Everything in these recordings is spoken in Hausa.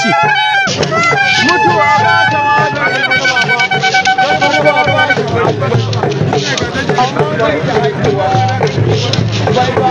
kwaci mutuwa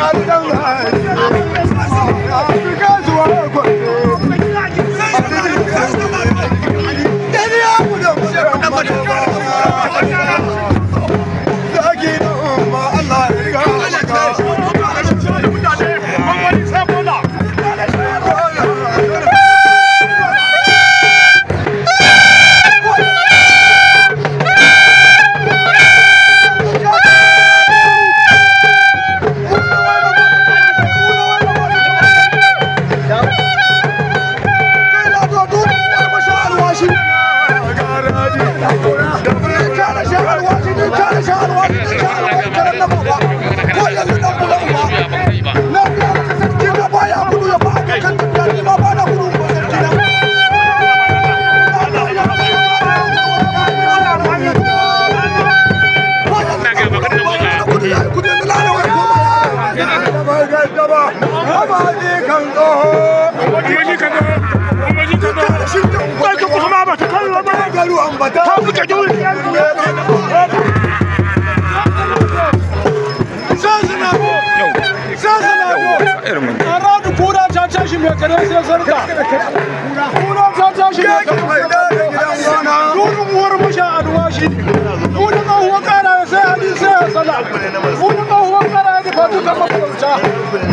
I'm gaba abaji kan tsoho abaji kan tsoho kuma ba ta garu ta aradu kura mai kare sai sarka kura mai kare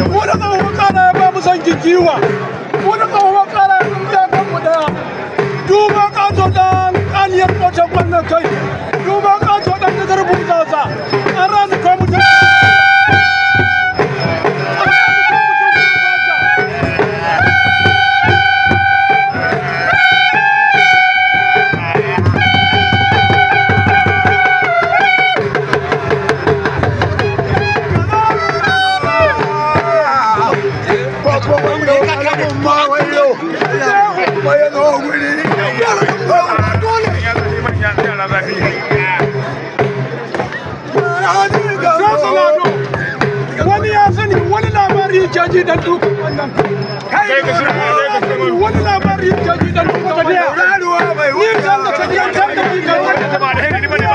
mu da tsohon kara ba mu san kikiwa mu da tsohon kara ya kan mu daya duba kato da kaniyar kwacen wannan kai kallo ya kuma ya zo guri wani ya sani wani labari jaji dan duka wannan kai ka shi wani labari jaji dan duka wannan ni kan da tafiyan kan da ni kan da ba da ni ba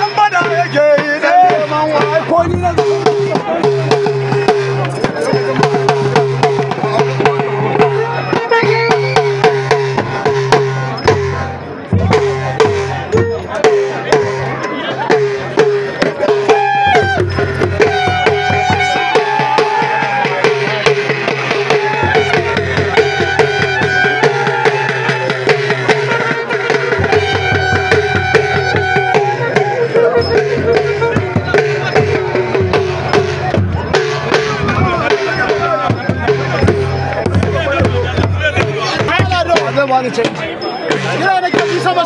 Thank you.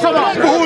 跳到了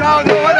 crowd over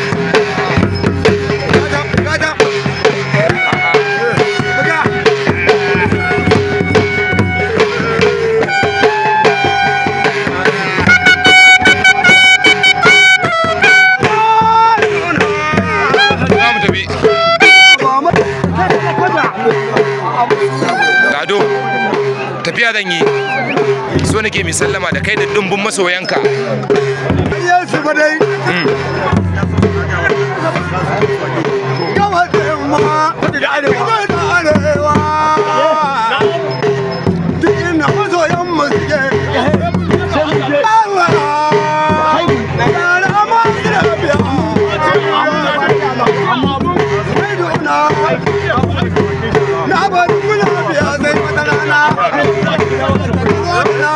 mai sallama da kai da dumbin masoyanka yesu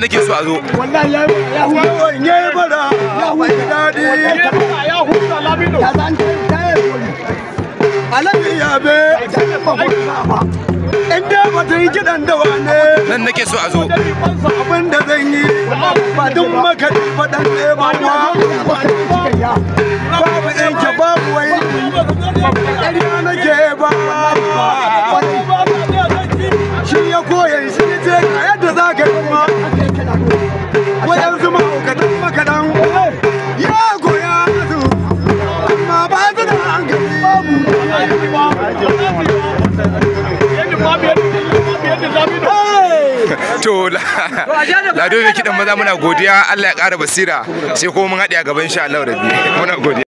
me nake so a zo kiɗan da wane nan so da zan yi ba duk maka faɗan ba yadda za wajen su mahaukatan makadan ya da hankali to kiɗan maza muna godiya allah ya ƙara basira sai kuma mun haɗe a gaban sha